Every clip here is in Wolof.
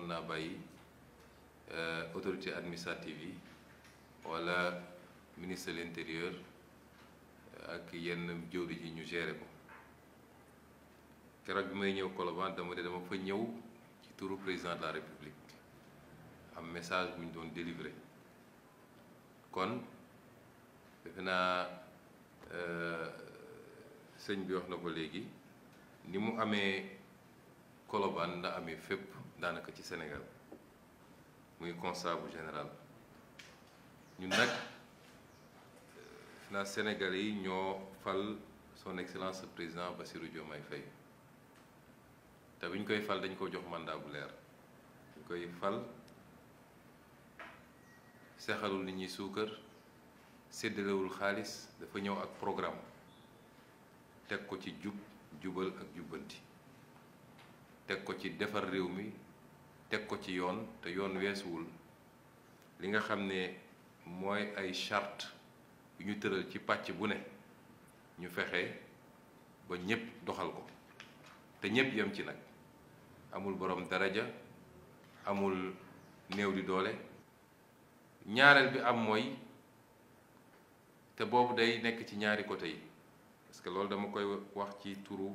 mënoon naa bàyyi euh, autorité administrative yi wala ministre de l'intérieur euh, ak yenn jëwri ji ñu gérer ko keroog bi may ñëw Colobane dama de dama fa ñëw ci turu président de la république am message bu ñu doon délivré kon defe naa euh, sëñ bi wax na ko léegi ni mu amee. Colobane la amee fépp daanaka ci Sénégal muy constat général ñu nag na Sénégalais yi ñoo fal son excellence président Bassirou Diomaye Faye te bu ñu koy fal dañ ko jox mandat bu leer ñu koy fal sexalul nit ñi suukar séddalewul xaalis dafa ñëw ak programme teg ko ci jub jubal ak jubbanti teg ko ci defar réew mi teg ko ci yoon te yoon weesuwul li nga xam ne mooy ay charte yu ñu tëral ci pàcc bu ne ñu fexe ba ñépp doxal ko te ñépp yem ci nag amul borom daraja amul néew di doole ñaareel bi am mooy te boobu day nekk ci ñaari côté yi parce que loolu dama koy wax ci turu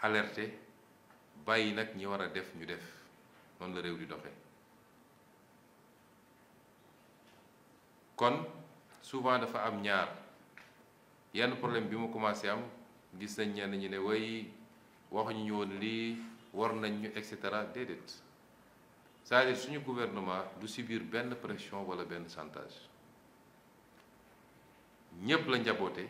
alerter bàyyi nag ñi war a def ñu def noonu la réew di doxee kon souvent dafa am ñaar yenn problème bi mu commencé am gis nañ ñenn ñu ne way waxuñu ñu woon lii war nañ ñu et cetera déedéet cest à suñu gouvernement du si biir benn pression wala benn santage ñépp la njaboote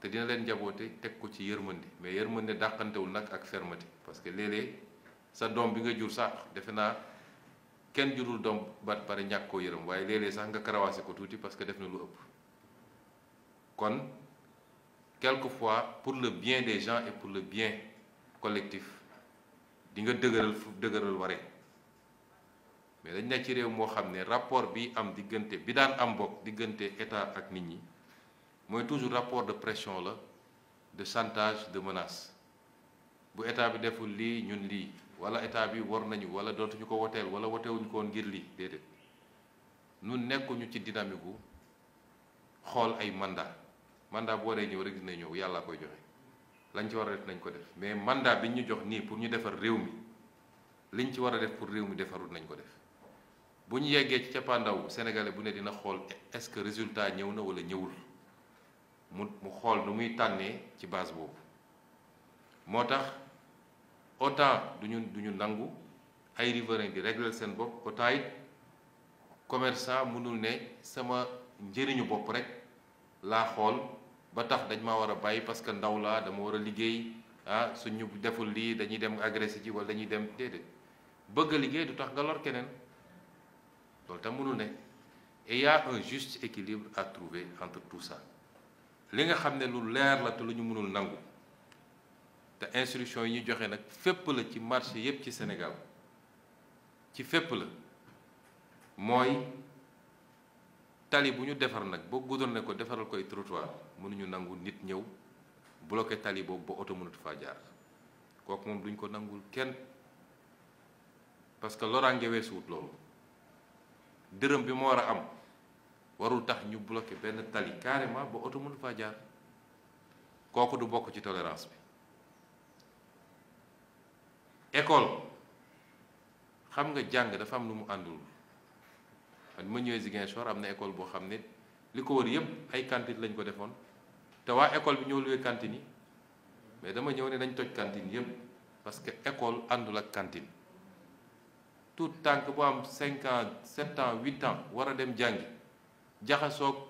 te dina leen jaboote teg ko ci yërmande mais yërmande dàqantewul nag ak fermeté parce que léeg sa doom bi nga jur sax defe naa kenn jurul doom ba pare ñàkk koo yërëm waaye léeg-léeg sax nga karawaase ko tuuti parce que def na lu ëpp kon quelque fois pour le bien des gens et pour le bien collectif di nga dëgëral fu dëgëral waree mais dañ ne ci réew moo xam ne rapport bi am diggante bi daan am bokk diggante état ak nit ñi moy toujours rapport de pression la de chantage de menace bu état bi deful li ñun li wala état bi war nañu wala dootu ñuko wotel wala wuñ ko woon ngir lii déedéet ñun nekkuñu ci dynamique gu xool ay mandat mandat bo dee ñëw rek dina ñëw yalla koy joxe lañ ci wara a def nañ ko def mais mandat bi ñu jox ni pour ñu defar réew mi liñ ci wara def pour réew mi defarul nañ ko def bu ñu ci ci pandaw Sénégalais bu ne dina xol est-ce que résultat ñew na wala ñëwul. mu mu xool nu muy tànnee ci base boobu moo tax duñu duñu nangu ay riverains di régler seen bopp autant it commerçant mënul ne sama njëriñu bopp rek laa xool ba tax dañ maa war a bàyyi parce que ndaw laa dama war a liggéey ah suñu deful lii dañuy dem agressé ji wala dañuy dem déedéet bëgg a liggéey du tax nga lor keneen loolu mënul ne et y a un juste équilibre à trouver entre tout ça li nga xam ne lu leer la te lu ñu mënul nangu te instruction yi ñu joxe nag fépp la ci marché yépp ci senegal ci fépp la mooy tali bu ñu defar nag boo guddoon ne ko defaral koy trottoir mënuñu nangu nit ñëw bloqué tali boobu ba oto mënatu faa jaar kooku moom duñ ko nangul kenn parce que loraange suut loolu dërëm bi mu war a am warul tax ñu bloqué benn tali carrément ba oto mënu faa jaar kooku du bokk ci tolérance bi école xam nga jàng dafa am lu mu àndul man ma ñëwee Ziguinchor am na école boo xam ne li ko wër yépp ay cantine lañ ko defoon te ekol école bi ñoo luwee cantine yi mais dama ñëw ne dañ toj cantine yépp parce que école àndul ak cantine tout tànk bu am cinq ans sept ans huit ans dem janggi jaxasoog sok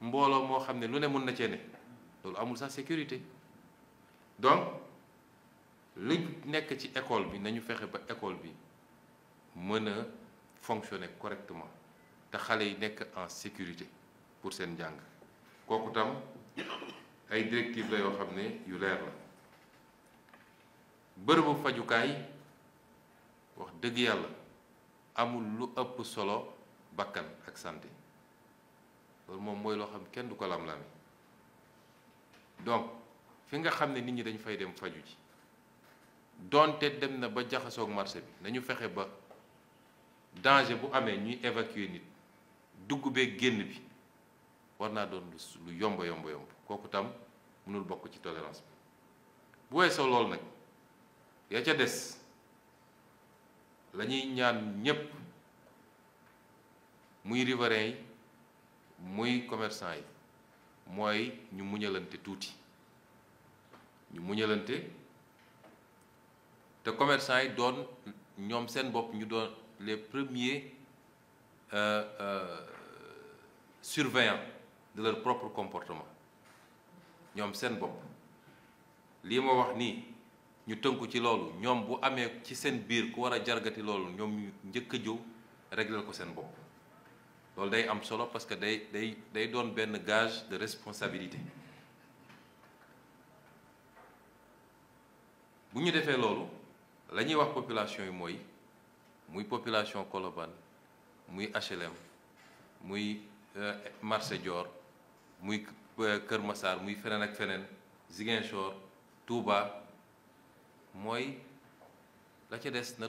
moo xam ne lu ne mun na cee ne loolu amul sax sécurité donc li nekk ci école bi nañu fexe ba école bi mën a fonctionner correctement ta xale yi nekk en sécurité pour seen njàng kooku tam ay directive la yoo xam yu leer la bërëbu fajukaay wax dëgg yàlla amul lu ëpp solo bakkan ak santé loolu moom mooy loo xam kenn du ko lam-lami donc fi nga xam ne nit ñi dañ fay dem faju ji doonte dem na ba jaxasoog marché bi nañu fexe ba danger bu amee ñuy évacuer nit dugg génn bi war naa doon lu yomb yomb yomb kooku tam mënul bokk ci tolérance bi bu weesoo loolu nag yaa ca des la ñuy ñaan ñépp muy riverain yi muy commerçant yi mooy ñu muñalante tuuti ñu muñalante te commerçant yi doon ñoom seen bopp ñu doon les premiers euh, euh, surveillants de leur propre comportement ñoom seen bopp lii ma wax nii ñu tënku ci loolu ñoom bu amee ci seen biir ku war a jargati loolu ñoom njëkk a jóg réglal ko seen bopp day am solo parce que day day gage de responsabilité la population est population Colobane population HLM Marseille, euh, marché Dior euh, Ziguinchor Touba la na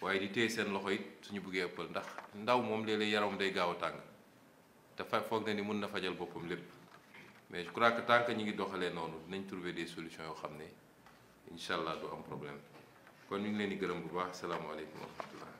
waaye di téye seen loxo it suñu buggee ëppal ndax ndaw moom léeg-léeg yaram day gaaw a tàng te foog na ni mun na fajal boppam lépp mais je crois que tant que ñu ngi doxalee noonu nañ trouver des solutions yoo xam ne incha allah du am problème kon ñu ngi leen di gërëm bu baax salaamaaleykum wa rahmatullah